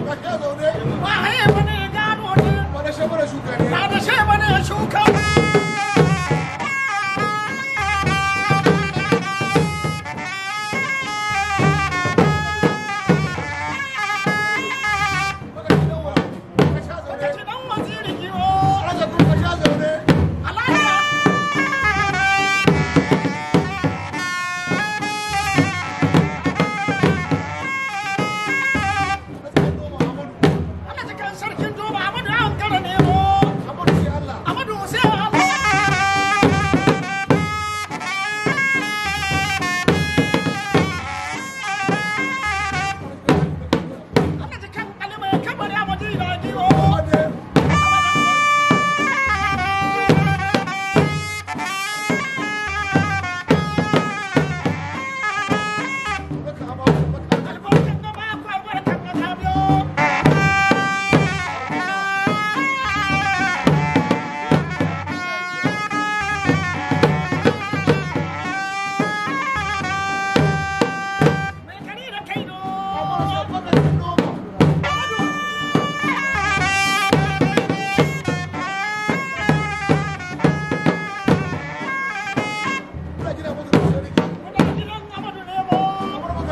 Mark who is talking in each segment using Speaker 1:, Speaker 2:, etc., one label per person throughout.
Speaker 1: ba ne ya gano ne ba ne ya gano ne ba da shi bane shuka ne ba da shi bane
Speaker 2: 事儿清楚吧？不着。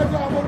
Speaker 2: Vamos,